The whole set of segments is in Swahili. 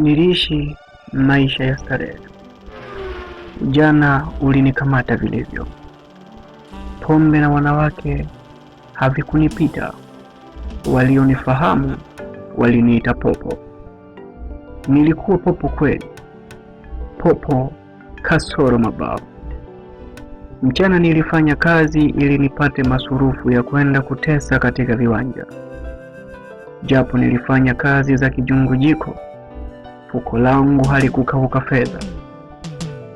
Niliishi maisha ya starehe. Ujana ulinikamata vilivyo, pombe na wanawake havikunipita. Walionifahamu waliniita popo. Nilikuwa popo kweli, popo kasoro mabavu. Mchana nilifanya kazi ili nipate masurufu ya kwenda kutesa katika viwanja, japo nilifanya kazi za kijungujiko fuko langu halikukauka fedha,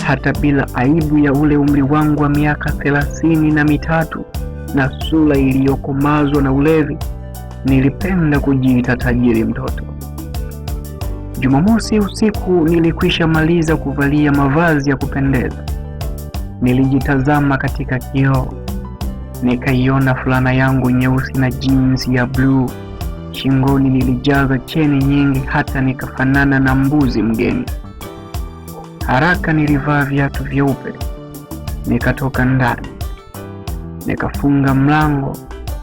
hata bila aibu ya ule umri wangu wa miaka thelathini na mitatu na sura iliyokomazwa na ulevi, nilipenda kujiita tajiri mtoto. Jumamosi usiku nilikwisha maliza kuvalia mavazi ya kupendeza. Nilijitazama katika kioo, nikaiona fulana yangu nyeusi na jinsi ya bluu Shingoni nilijaza cheni nyingi hata nikafanana na mbuzi mgeni. Haraka nilivaa viatu vyeupe, nikatoka ndani, nikafunga mlango,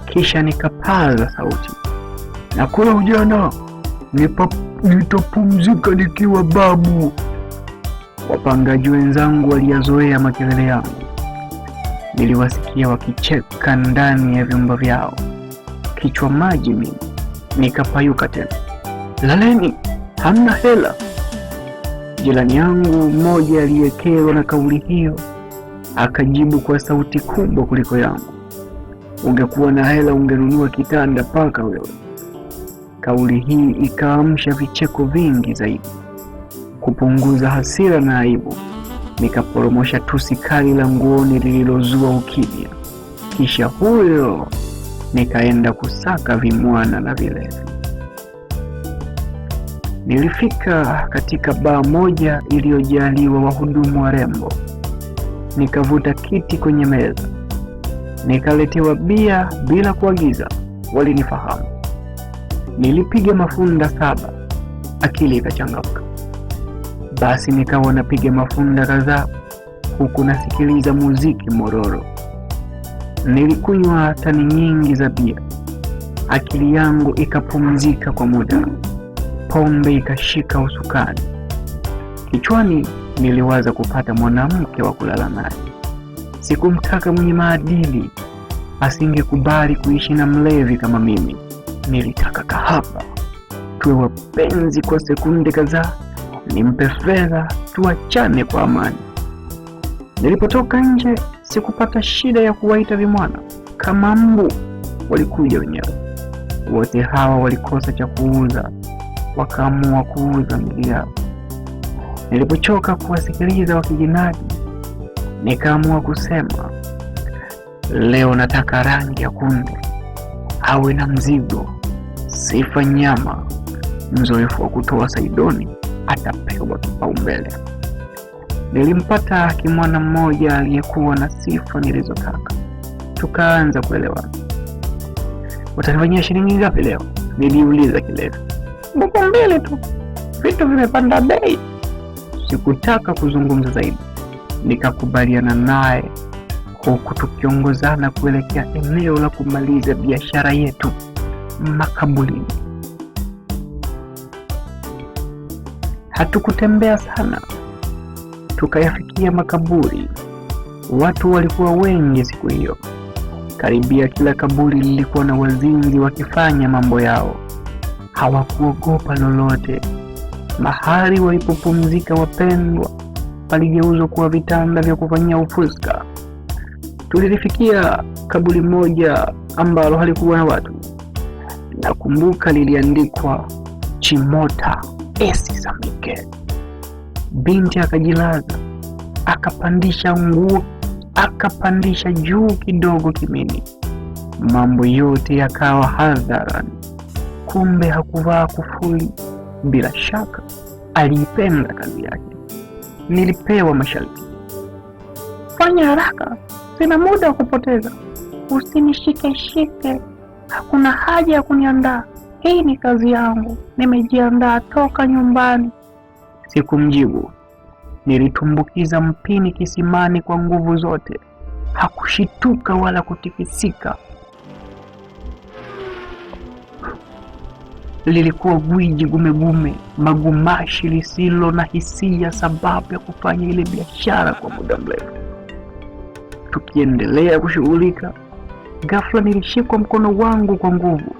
kisha nikapaza sauti na kula ujana nitapumzika nikiwa babu. Wapangaji wenzangu waliyazoea makelele yangu, niliwasikia wakicheka ndani ya vyumba vyao. Kichwa maji mimi nikapayuka tena. Laleni, hamna hela. Jirani yangu mmoja aliyekerwa na kauli hiyo akajibu kwa sauti kubwa kuliko yangu, ungekuwa na hela ungenunua kitanda paka wewe. Kauli hii ikaamsha vicheko vingi zaidi. Kupunguza hasira na aibu, nikaporomosha tusi kali la nguoni lililozua ukimya. Kisha huyo nikaenda kusaka vimwana na vilevi. Nilifika katika baa moja iliyojaliwa wahudumu warembo, nikavuta kiti kwenye meza, nikaletewa bia bila kuagiza. Walinifahamu, nilipiga mafunda saba, akili ikachangamka. Basi nikawa napiga mafunda kadhaa huku nasikiliza muziki mororo. Nilikunywa tani nyingi za bia, akili yangu ikapumzika kwa muda, pombe ikashika usukani. Kichwani niliwaza kupata mwanamke wa kulala naye. Sikumtaka mwenye maadili, asingekubali kuishi na mlevi kama mimi. Nilitaka kahaba, tuwe wapenzi kwa sekunde kadhaa, nimpe fedha, tuachane kwa amani. Nilipotoka nje sikupata shida ya kuwaita vimwana kama mbu, walikuja wenyewe. Wote hawa walikosa cha kuuza, wakaamua kuuza mili yao. Nilipochoka kuwasikiliza wakijinadi, nikaamua kusema, leo nataka rangi ya kunde awe na mzigo, sifa nyama. Mzoefu wa kutoa saidoni atapewa kipaumbele. Nilimpata kimwana mmoja aliyekuwa na sifa nilizotaka, tukaanza kuelewana. Utanifanyia shilingi ngapi leo? Niliuliza kilevi. Buku mbili tu, vitu vimepanda bei. Sikutaka kuzungumza zaidi, nikakubaliana naye huku tukiongozana kuelekea eneo la kumaliza biashara yetu makaburini. Hatukutembea sana tukayafikia makaburi. Watu walikuwa wengi siku hiyo. Karibia kila kaburi lilikuwa na wazinzi wakifanya mambo yao. Hawakuogopa lolote. Mahali walipopumzika wapendwa paligeuzwa kuwa vitanda vya kufanyia ufuska. Tulilifikia kaburi moja ambalo halikuwa na watu. Nakumbuka liliandikwa Chimota Esi Binti akajilaza akapandisha nguo akapandisha juu kidogo kimini, mambo yote yakawa hadharani. Kumbe hakuvaa kufuli. Bila shaka aliipenda kazi yake. Nilipewa masharti: fanya haraka, sina muda wa kupoteza, usinishikeshike, hakuna haja ya kuniandaa. Hii ni kazi yangu, nimejiandaa toka nyumbani. Sikumjibu, nilitumbukiza mpini kisimani kwa nguvu zote. Hakushituka wala kutikisika. Lilikuwa gwiji gumegume, magumashi, lisilo na hisia, sababu ya kufanya ile biashara kwa muda mrefu. Tukiendelea kushughulika, ghafla nilishikwa mkono wangu kwa nguvu.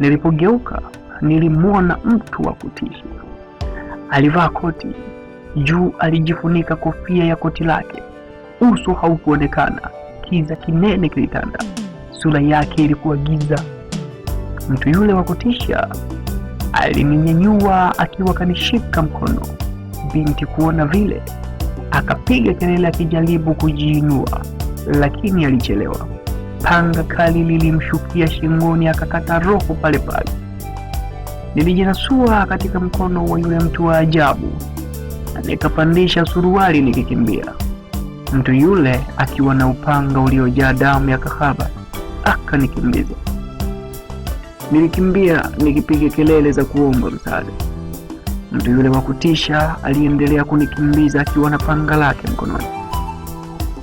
Nilipogeuka, nilimwona mtu wa kutisha. Alivaa koti juu, alijifunika kofia ya koti lake. Uso haukuonekana, kiza kinene kilitanda, sura yake ilikuwa giza. Mtu yule wa kutisha alininyanyua akiwa kanishika mkono. Binti kuona vile, akapiga kelele akijaribu kujiinua, lakini alichelewa. Panga kali lilimshukia shingoni, akakata roho pale pale. Nilijinasua katika mkono wa yule mtu wa ajabu, nikapandisha suruali nikikimbia. Mtu yule akiwa na upanga uliojaa damu ya kahaba akanikimbiza. Nilikimbia nikipiga kelele za kuomba msaada. Mtu yule wa kutisha aliendelea kunikimbiza akiwa na panga lake mkononi.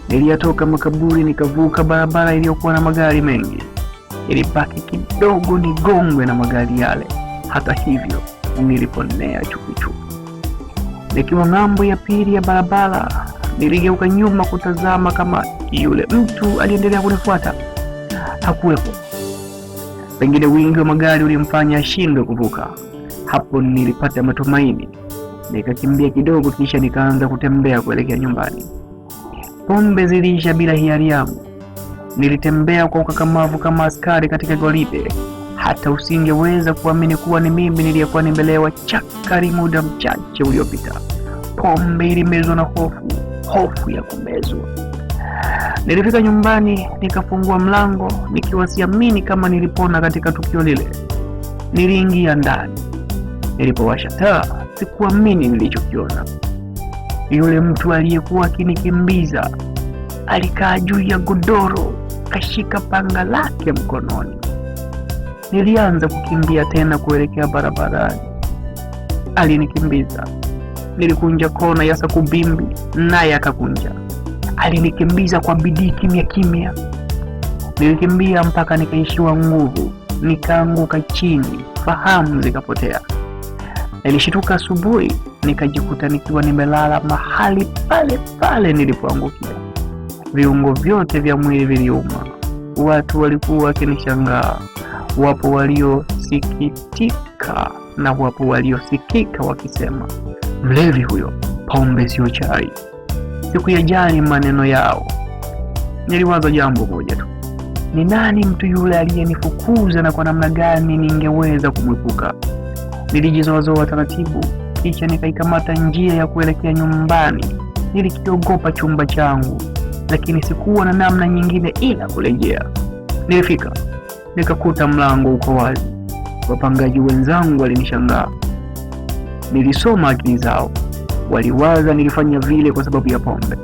Niliyatoka makaburi nikavuka barabara iliyokuwa na magari mengi, ilipaki kidogo nigongwe na magari yale. Hata hivyo niliponea chukuchuku, nikiwa ng'ambo ya pili ya barabara, niligeuka nyuma kutazama kama yule mtu aliendelea kunifuata. Hakuwepo. Pengine wingi wa magari ulimfanya ashindwe kuvuka. Hapo nilipata matumaini, nikakimbia kidogo, kisha nikaanza kutembea kuelekea nyumbani. Pombe ziliisha bila hiari yangu. Nilitembea kwa ukakamavu kama askari katika gwaride hata usingeweza kuamini kuwa ni mimi niliyekuwa nimbelewa chakari muda mchache uliopita. Pombe ilimezwa na hofu, hofu ya kumezwa. Nilifika nyumbani, nikafungua mlango nikiwa siamini kama nilipona katika tukio lile. Niliingia ndani, nilipowasha taa sikuamini nilichokiona. Yule mtu aliyekuwa akinikimbiza alikaa juu ya godoro, kashika panga lake mkononi. Nilianza kukimbia tena kuelekea barabarani. Alinikimbiza. Nilikunja kona ya sakubimbi, naye akakunja. Alinikimbiza kwa bidii, kimya kimya. Nilikimbia mpaka nikaishiwa nguvu, nikaanguka chini, fahamu zikapotea. Nilishituka asubuhi, nikajikuta nikiwa nimelala mahali pale pale nilipoangukia. Viungo vyote vya mwili viliuma. Watu walikuwa wakinishangaa wapo waliosikitika na wapo waliosikika wakisema, mlevi huyo, pombe sio chai. siku jani maneno yao, niliwaza jambo moja tu, ni nani mtu yule aliyenifukuza na kwa namna gani ningeweza kumwepuka? Nilijizoazoa taratibu, kisha nikaikamata njia ya kuelekea nyumbani. Nilikiogopa chumba changu, lakini sikuwa na namna nyingine ila kurejea. Nilifika nikakuta mlango uko wazi. Wapangaji wenzangu walinishangaa, nilisoma akili zao. Waliwaza nilifanya vile kwa sababu ya pombe,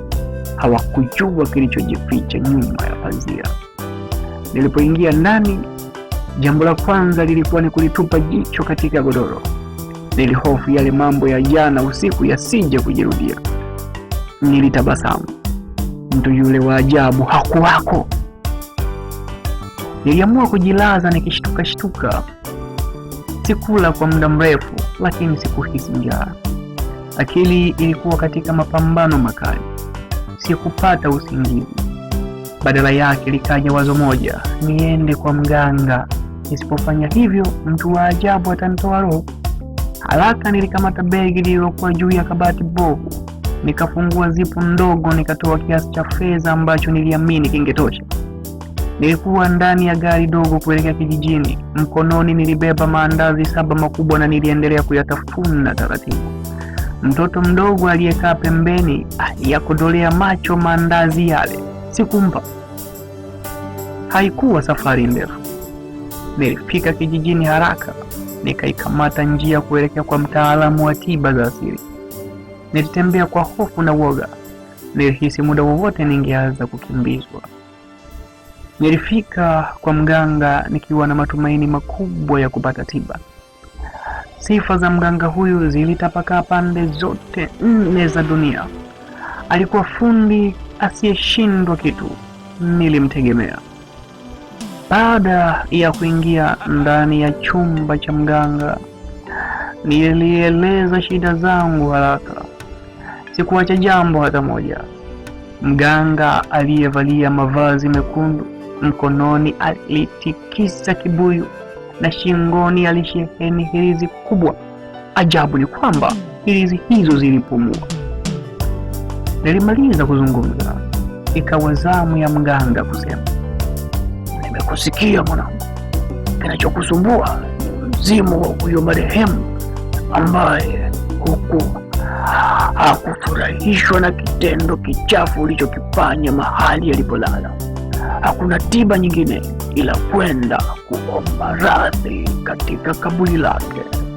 hawakujua kilichojificha nyuma ya pazia. Nilipoingia ndani, jambo la kwanza lilikuwa ni kulitupa jicho katika godoro. Nilihofu yale mambo ya jana usiku yasije kujirudia. Nilitabasamu. Mtu yule wa ajabu hakuwako. Niliamua kujilaza nikishtuka shtuka. Sikula kwa muda mrefu, lakini sikuhisi njaa. Akili ilikuwa katika mapambano makali, sikupata usingizi. Badala yake likaja wazo moja, niende kwa mganga. Nisipofanya hivyo, mtu wa ajabu atanitoa roho. Haraka nilikamata begi lililokuwa juu ya kabati bovu, nikafungua zipu ndogo, nikatoa kiasi cha fedha ambacho niliamini kingetosha. Nilikuwa ndani ya gari dogo kuelekea kijijini. Mkononi nilibeba maandazi saba makubwa na niliendelea kuyatafuna taratibu. Mtoto mdogo aliyekaa pembeni aliyakodolea macho maandazi yale. Sikumpa. Haikuwa safari ndefu. Nilifika kijijini haraka, nikaikamata njia kuelekea kwa mtaalamu wa tiba za asili. Nilitembea kwa hofu na uoga. Nilihisi muda wowote ningeanza kukimbizwa. Nilifika kwa mganga nikiwa na matumaini makubwa ya kupata tiba. Sifa za mganga huyu zilitapakaa pande zote nne za dunia. Alikuwa fundi asiyeshindwa kitu, nilimtegemea. Baada ya kuingia ndani ya chumba cha mganga, nilieleza shida zangu haraka. Sikuacha jambo hata moja. Mganga aliyevalia mavazi mekundu mkononi alitikisa kibuyu na shingoni alisheheni hirizi kubwa. Ajabu ni kwamba hirizi hizo zilipumua. Nilimaliza kuzungumza, ikawa zamu ya mganga kusema, nimekusikia mwanangu, kinachokusumbua mzimu wa huyo marehemu ambaye huku hakufurahishwa na kitendo kichafu ulichokifanya mahali alipolala. Hakuna tiba nyingine ila kwenda kuomba radhi katika kaburi lake.